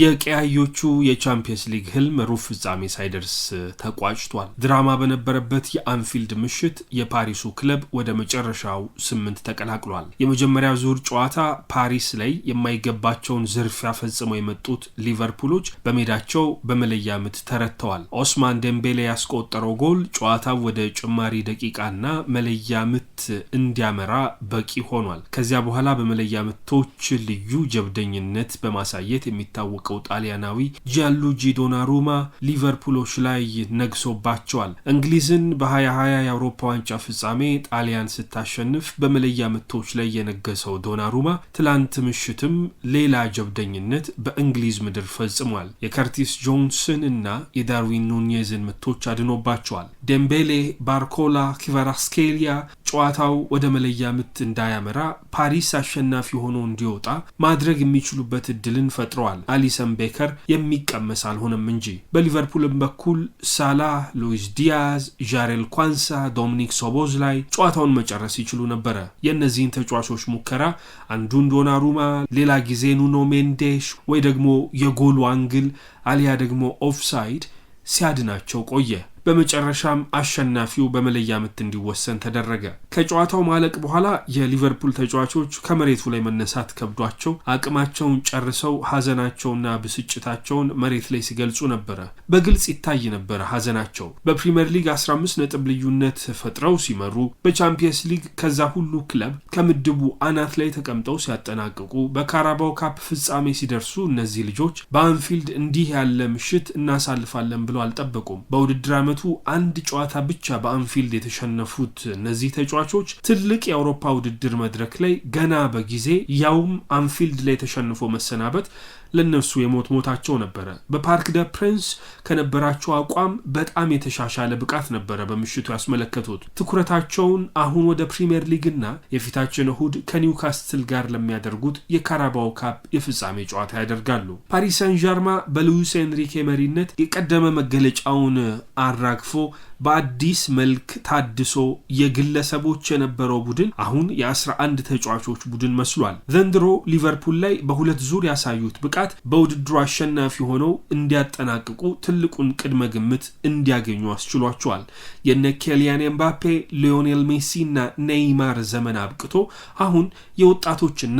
የቀያዮቹ የቻምፒየንስ ሊግ ህልም ሩብ ፍጻሜ ሳይደርስ ተቋጭቷል። ድራማ በነበረበት የአንፊልድ ምሽት የፓሪሱ ክለብ ወደ መጨረሻው ስምንት ተቀላቅሏል። የመጀመሪያ ዙር ጨዋታ ፓሪስ ላይ የማይገባቸውን ዝርፊያ ፈጽመው የመጡት ሊቨርፑሎች በሜዳቸው በመለያ ምት ተረትተዋል። ኦስማን ዴምቤሌ ያስቆጠረው ጎል ጨዋታው ወደ ጭማሪ ደቂቃና መለያ ምት እንዲያመራ በቂ ሆኗል። ከዚያ በኋላ በመለያ ምቶች ልዩ ጀብደኝነት በማሳየት የሚታወቅ የሚታወቀው ጣሊያናዊ ጂያንሉጂ ዶናሩማ ሊቨርፑሎች ላይ ነግሶባቸዋል። እንግሊዝን በ2020 የአውሮፓ ዋንጫ ፍጻሜ ጣሊያን ስታሸንፍ በመለያ ምቶች ላይ የነገሰው ዶናሩማ ትላንት ምሽትም ሌላ ጀብደኝነት በእንግሊዝ ምድር ፈጽሟል። የከርቲስ ጆንስን እና የዳርዊን ኑኔዝን ምቶች አድኖባቸዋል። ደምቤሌ፣ ባርኮላ፣ ኪቫራስኬሊያ ጨዋታው ወደ መለያ ምት እንዳያመራ ፓሪስ አሸናፊ ሆኖ እንዲወጣ ማድረግ የሚችሉበት እድልን ፈጥረዋል። አሊሰን ቤከር የሚቀመስ አልሆነም እንጂ በሊቨርፑልም በኩል ሳላህ፣ ሉዊስ ዲያዝ፣ ዣሬል ኳንሳ፣ ዶሚኒክ ሶቦዝ ላይ ጨዋታውን መጨረስ ይችሉ ነበረ። የእነዚህን ተጫዋቾች ሙከራ አንዱን ዶናሩማ፣ ሌላ ጊዜ ኑኖ ሜንዴሽ ወይ ደግሞ የጎሉ አንግል አሊያ ደግሞ ኦፍሳይድ ሲያድናቸው ቆየ። በመጨረሻም አሸናፊው በመለያ ምት እንዲወሰን ተደረገ። ከጨዋታው ማለቅ በኋላ የሊቨርፑል ተጫዋቾች ከመሬቱ ላይ መነሳት ከብዷቸው አቅማቸውን ጨርሰው ሐዘናቸውና ብስጭታቸውን መሬት ላይ ሲገልጹ ነበረ። በግልጽ ይታይ ነበረ ሐዘናቸው። በፕሪምየር ሊግ 15 ነጥብ ልዩነት ፈጥረው ሲመሩ፣ በቻምፒየንስ ሊግ ከዛ ሁሉ ክለብ ከምድቡ አናት ላይ ተቀምጠው ሲያጠናቅቁ፣ በካራባው ካፕ ፍጻሜ ሲደርሱ እነዚህ ልጆች በአንፊልድ እንዲህ ያለ ምሽት እናሳልፋለን ብለው አልጠበቁም። በውድድር በየዓመቱ አንድ ጨዋታ ብቻ በአንፊልድ የተሸነፉት እነዚህ ተጫዋቾች ትልቅ የአውሮፓ ውድድር መድረክ ላይ ገና በጊዜ ያውም አንፊልድ ላይ ተሸንፎ መሰናበት ለነሱ የሞት ሞታቸው ነበረ። በፓርክ ደ ፕሪንስ ከነበራቸው አቋም በጣም የተሻሻለ ብቃት ነበረ በምሽቱ ያስመለከቱት። ትኩረታቸውን አሁን ወደ ፕሪምየር ሊግና የፊታችን እሁድ ከኒውካስትል ጋር ለሚያደርጉት የካራባው ካፕ የፍጻሜ ጨዋታ ያደርጋሉ። ፓሪስ ሰን ዣርማ በሉዊስ ኤንሪኬ መሪነት የቀደመ መገለጫውን አራግፎ በአዲስ መልክ ታድሶ የግለሰቦች የነበረው ቡድን አሁን የ11 ተጫዋቾች ቡድን መስሏል። ዘንድሮ ሊቨርፑል ላይ በሁለት ዙር ያሳዩት ብቃት በማብቃት በውድድሩ አሸናፊ ሆነው እንዲያጠናቅቁ ትልቁን ቅድመ ግምት እንዲያገኙ አስችሏቸዋል። የነ ኬሊያን ኤምባፔ፣ ሊዮኔል ሜሲ እና ኔይማር ዘመን አብቅቶ አሁን የወጣቶችና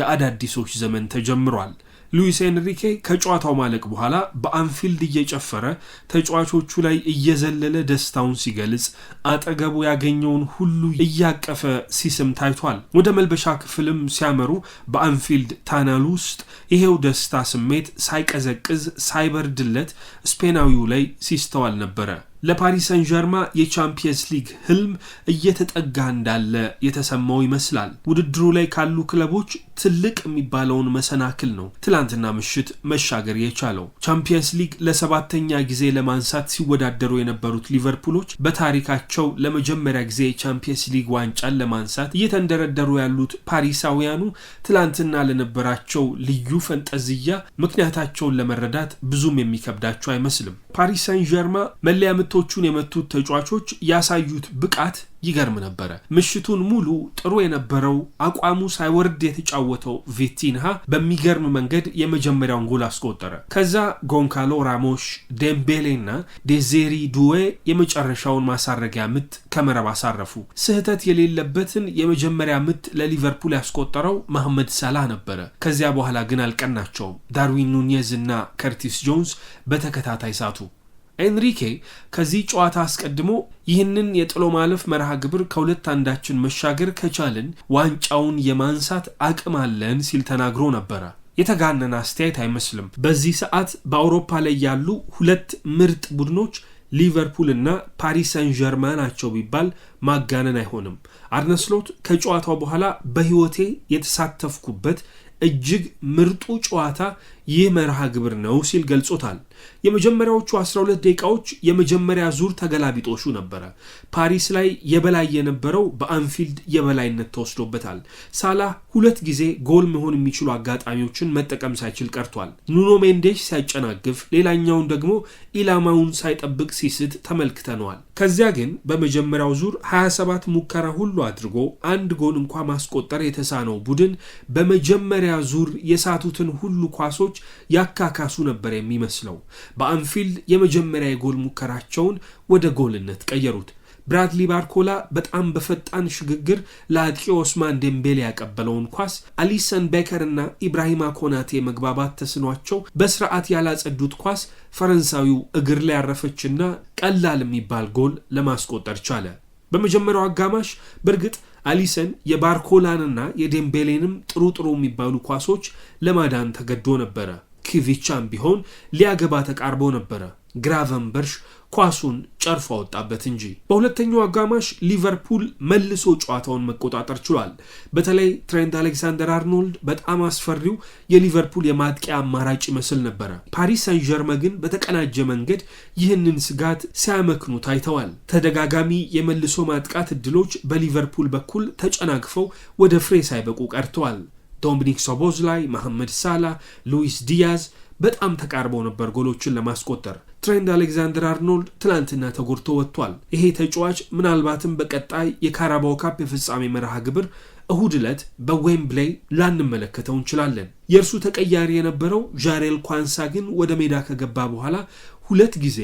የአዳዲሶች ዘመን ተጀምሯል። ሉዊስ ኤንሪኬ ከጨዋታው ማለቅ በኋላ በአንፊልድ እየጨፈረ ተጫዋቾቹ ላይ እየዘለለ ደስታውን ሲገልጽ አጠገቡ ያገኘውን ሁሉ እያቀፈ ሲስም ታይቷል። ወደ መልበሻ ክፍልም ሲያመሩ በአንፊልድ ታነል ውስጥ ይሄው ደስታ ስሜት ሳይቀዘቅዝ ሳይበርድለት ስፔናዊው ላይ ሲስተዋል ነበረ። ለፓሪስ ሰን ዠርማ የቻምፒየንስ ሊግ ህልም እየተጠጋ እንዳለ የተሰማው ይመስላል። ውድድሩ ላይ ካሉ ክለቦች ትልቅ የሚባለውን መሰናክል ነው ትላንትና ምሽት መሻገር የቻለው። ቻምፒየንስ ሊግ ለሰባተኛ ጊዜ ለማንሳት ሲወዳደሩ የነበሩት ሊቨርፑሎች በታሪካቸው ለመጀመሪያ ጊዜ የቻምፒየንስ ሊግ ዋንጫን ለማንሳት እየተንደረደሩ ያሉት ፓሪሳውያኑ ትላንትና ለነበራቸው ልዩ ፈንጠዝያ ምክንያታቸውን ለመረዳት ብዙም የሚከብዳቸው አይመስልም። ፓሪስ ሳን ዠርማ መለያ ሁለቶቹን የመቱት ተጫዋቾች ያሳዩት ብቃት ይገርም ነበረ። ምሽቱን ሙሉ ጥሩ የነበረው አቋሙ ሳይወርድ የተጫወተው ቪቲንሃ በሚገርም መንገድ የመጀመሪያውን ጎል አስቆጠረ። ከዛ ጎንካሎ ራሞሽ፣ ዴምቤሌና ዴዜሪ ዱዌ የመጨረሻውን ማሳረጊያ ምት ከመረብ አሳረፉ። ስህተት የሌለበትን የመጀመሪያ ምት ለሊቨርፑል ያስቆጠረው መሐመድ ሳላህ ነበረ። ከዚያ በኋላ ግን አልቀናቸውም። ዳርዊን ኑኔዝ እና ከርቲስ ጆንስ በተከታታይ ሳቱ። ኤንሪኬ ከዚህ ጨዋታ አስቀድሞ ይህንን የጥሎ ማለፍ መርሃ ግብር ከሁለት አንዳችን መሻገር ከቻልን ዋንጫውን የማንሳት አቅም አለን ሲል ተናግሮ ነበረ። የተጋነነ አስተያየት አይመስልም። በዚህ ሰዓት በአውሮፓ ላይ ያሉ ሁለት ምርጥ ቡድኖች ሊቨርፑል እና ፓሪስ ሰን ዠርማ ናቸው ቢባል ማጋነን አይሆንም። አርነስሎት ከጨዋታው በኋላ በሕይወቴ የተሳተፍኩበት እጅግ ምርጡ ጨዋታ ይህ መርሃ ግብር ነው ሲል ገልጾታል። የመጀመሪያዎቹ 12 ደቂቃዎች የመጀመሪያ ዙር ተገላቢጦሹ ነበረ። ፓሪስ ላይ የበላይ የነበረው በአንፊልድ የበላይነት ተወስዶበታል። ሳላህ ሁለት ጊዜ ጎል መሆን የሚችሉ አጋጣሚዎችን መጠቀም ሳይችል ቀርቷል። ኑኖ ሜንዴሽ ሲያጨናግፍ፣ ሌላኛውን ደግሞ ኢላማውን ሳይጠብቅ ሲስት ተመልክተነዋል። ከዚያ ግን በመጀመሪያው ዙር 27 ሙከራ ሁሉ አድርጎ አንድ ጎል እንኳ ማስቆጠር የተሳነው ቡድን በመጀመሪያ ዙር የሳቱትን ሁሉ ኳሶች ተጫዋቾች ያካካሱ ነበር የሚመስለው። በአንፊልድ የመጀመሪያ የጎል ሙከራቸውን ወደ ጎልነት ቀየሩት። ብራድሊ ባርኮላ በጣም በፈጣን ሽግግር ለአጥቂ ኦስማን ዴምቤሌ ያቀበለውን ኳስ አሊሰን ቤከር እና ኢብራሂማ ኮናቴ መግባባት ተስኗቸው በስርዓት ያላጸዱት ኳስ ፈረንሳዊው እግር ላይ ያረፈችና ቀላል የሚባል ጎል ለማስቆጠር ቻለ። በመጀመሪያው አጋማሽ በእርግጥ አሊሰን የባርኮላንና የዴምቤሌንም ጥሩ ጥሩ የሚባሉ ኳሶች ለማዳን ተገዶ ነበረ። ኪቪቻም ቢሆን ሊያገባ ተቃርቦ ነበረ። ግራቨንበርሽ ኳሱን ጨርፎ አወጣበት እንጂ። በሁለተኛው አጋማሽ ሊቨርፑል መልሶ ጨዋታውን መቆጣጠር ችሏል። በተለይ ትሬንድ አሌክሳንደር አርኖልድ በጣም አስፈሪው የሊቨርፑል የማጥቂያ አማራጭ ይመስል ነበረ። ፓሪስ ሳን ግን በተቀናጀ መንገድ ይህንን ስጋት ሲያመክኑ ታይተዋል። ተደጋጋሚ የመልሶ ማጥቃት እድሎች በሊቨርፑል በኩል ተጨናግፈው ወደ ፍሬ ሳይበቁ ቀርተዋል። ዶሚኒክ ሶቦዝላይ፣ መሐመድ ሳላ፣ ሉዊስ ዲያዝ በጣም ተቃርበው ነበር ጎሎችን ለማስቆጠር። ትሬንድ አሌክዛንደር አርኖልድ ትላንትና ተጎድቶ ወጥቷል። ይሄ ተጫዋች ምናልባትም በቀጣይ የካራባው ካፕ የፍጻሜ መርሃ ግብር እሁድ ዕለት በዌምብሌይ ላንመለከተው እንችላለን። የእርሱ ተቀያሪ የነበረው ዣሬል ኳንሳ ግን ወደ ሜዳ ከገባ በኋላ ሁለት ጊዜ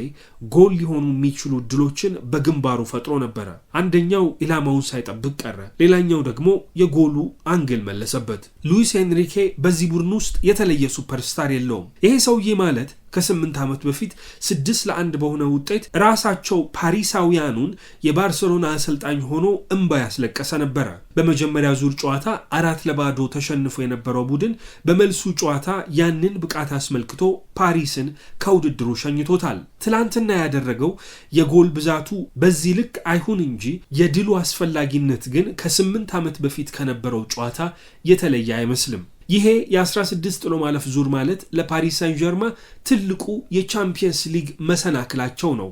ጎል ሊሆኑ የሚችሉ እድሎችን በግንባሩ ፈጥሮ ነበረ። አንደኛው ኢላማውን ሳይጠብቅ ቀረ፣ ሌላኛው ደግሞ የጎሉ አንግል መለሰበት። ሉዊስ ሄንሪኬ በዚህ ቡድን ውስጥ የተለየ ሱፐርስታር የለውም። ይሄ ሰውዬ ማለት ከስምንት ዓመት በፊት ስድስት ለአንድ በሆነ ውጤት ራሳቸው ፓሪሳውያኑን የባርሰሎና አሰልጣኝ ሆኖ እምባ ያስለቀሰ ነበረ። በመጀመሪያ ዙር ጨዋታ አራት ለባዶ ተሸንፎ የነበረው ቡድን በመልሱ ጨዋታ ያንን ብቃት አስመልክቶ ፓሪስን ከውድድሩ ሸኝቶታል። ትላንትና ያደረገው የጎል ብዛቱ በዚህ ልክ አይሁን እንጂ የድሉ አስፈላጊነት ግን ከስምንት ዓመት በፊት ከነበረው ጨዋታ የተለየ አይመስልም። ይሄ የ16 ጥሎ ማለፍ ዙር ማለት ለፓሪስ ሳን ጀርማ ትልቁ የቻምፒየንስ ሊግ መሰናክላቸው ነው።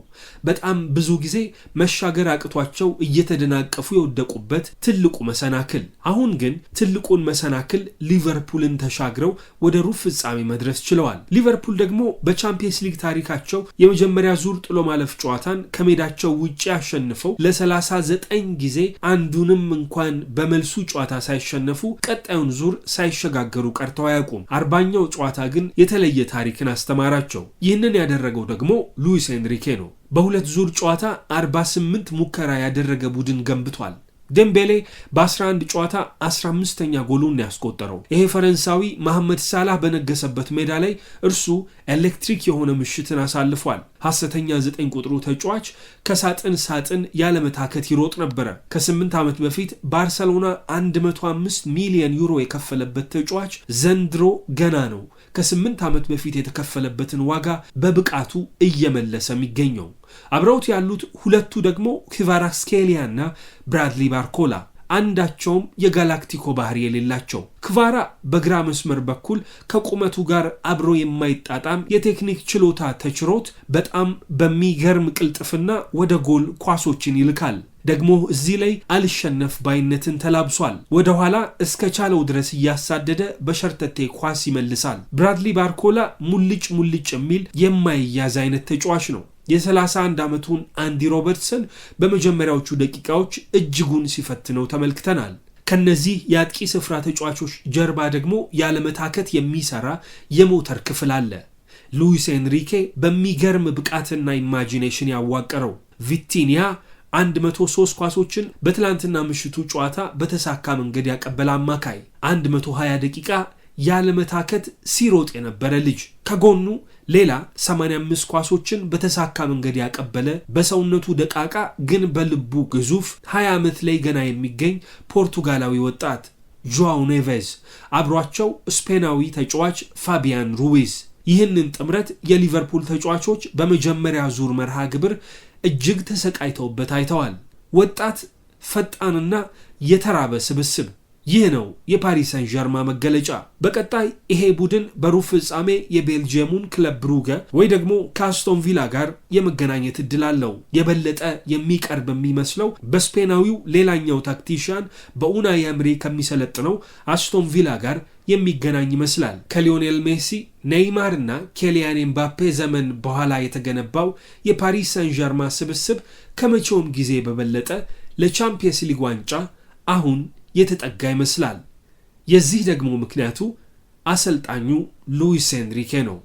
በጣም ብዙ ጊዜ መሻገር አቅቷቸው እየተደናቀፉ የወደቁበት ትልቁ መሰናክል። አሁን ግን ትልቁን መሰናክል ሊቨርፑልን ተሻግረው ወደ ሩብ ፍጻሜ መድረስ ችለዋል። ሊቨርፑል ደግሞ በቻምፒየንስ ሊግ ታሪካቸው የመጀመሪያ ዙር ጥሎ ማለፍ ጨዋታን ከሜዳቸው ውጭ አሸንፈው ለ39 ጊዜ አንዱንም እንኳን በመልሱ ጨዋታ ሳይሸነፉ ቀጣዩን ዙር ሳይሸጋ። ሳይናገሩ ቀርተው አያውቁም። አርባኛው ጨዋታ ግን የተለየ ታሪክን አስተማራቸው። ይህንን ያደረገው ደግሞ ሉዊስ ኤንሪኬ ነው። በሁለት ዙር ጨዋታ 48 ሙከራ ያደረገ ቡድን ገንብቷል። ደምቤሌ በ11 ጨዋታ 15ኛ ጎሉን ያስቆጠረው ይሄ ፈረንሳዊ መሐመድ ሳላህ በነገሰበት ሜዳ ላይ እርሱ ኤሌክትሪክ የሆነ ምሽትን አሳልፏል። ሐሰተኛ 9 ቁጥሩ ተጫዋች ከሳጥን ሳጥን ያለመታከት ይሮጥ ነበረ። ከ8 ዓመት በፊት ባርሰሎና 105 ሚሊዮን ዩሮ የከፈለበት ተጫዋች ዘንድሮ ገና ነው ከ8 ዓመት በፊት የተከፈለበትን ዋጋ በብቃቱ እየመለሰ የሚገኘው አብረውት ያሉት ሁለቱ ደግሞ ክቫራስኬሊያ እና ብራድሊ ባርኮላ አንዳቸውም የጋላክቲኮ ባህሪ የሌላቸው ክቫራ በግራ መስመር በኩል ከቁመቱ ጋር አብሮ የማይጣጣም የቴክኒክ ችሎታ ተችሮት በጣም በሚገርም ቅልጥፍና ወደ ጎል ኳሶችን ይልካል። ደግሞ እዚህ ላይ አልሸነፍ ባይነትን ተላብሷል። ወደ ኋላ እስከ ቻለው ድረስ እያሳደደ በሸርተቴ ኳስ ይመልሳል። ብራድሊ ባርኮላ ሙልጭ ሙልጭ የሚል የማይያዝ አይነት ተጫዋች ነው። የ31 ዓመቱን አንዲ ሮበርትሰን በመጀመሪያዎቹ ደቂቃዎች እጅጉን ሲፈትነው ተመልክተናል። ከነዚህ የአጥቂ ስፍራ ተጫዋቾች ጀርባ ደግሞ ያለመታከት የሚሰራ የሞተር ክፍል አለ። ሉዊስ ኤንሪኬ በሚገርም ብቃትና ኢማጂኔሽን ያዋቀረው ቪቲኒያ 103 ኳሶችን በትላንትና ምሽቱ ጨዋታ በተሳካ መንገድ ያቀበለ አማካይ 120 ደቂቃ ያለመታከት ሲሮጥ የነበረ ልጅ ከጎኑ ሌላ 85 ኳሶችን በተሳካ መንገድ ያቀበለ በሰውነቱ ደቃቃ ግን በልቡ ግዙፍ 20 ዓመት ላይ ገና የሚገኝ ፖርቱጋላዊ ወጣት ጆዋው ኔቬዝ፣ አብሯቸው ስፔናዊ ተጫዋች ፋቢያን ሩዊዝ። ይህንን ጥምረት የሊቨርፑል ተጫዋቾች በመጀመሪያ ዙር መርሃ ግብር እጅግ ተሰቃይተውበት አይተዋል። ወጣት ፈጣንና የተራበ ስብስብ ይህ ነው የፓሪስ ሳን ዠርማ መገለጫ። በቀጣይ ይሄ ቡድን በሩብ ፍጻሜ የቤልጅየሙን ክለብ ብሩገ ወይ ደግሞ ከአስቶን ቪላ ጋር የመገናኘት እድል አለው። የበለጠ የሚቀርብ የሚመስለው በስፔናዊው ሌላኛው ታክቲሽያን በኡናይ ኤምሪ ከሚሰለጥነው አስቶን ቪላ ጋር የሚገናኝ ይመስላል። ከሊዮኔል ሜሲ ኔይማር እና ኬሊያን ኤምባፔ ዘመን በኋላ የተገነባው የፓሪስ ሳን ዠርማ ስብስብ ከመቼውም ጊዜ በበለጠ ለቻምፒየንስ ሊግ ዋንጫ አሁን የተጠጋ ይመስላል። የዚህ ደግሞ ምክንያቱ አሰልጣኙ ሉዊስ ኤንሪኬ ነው።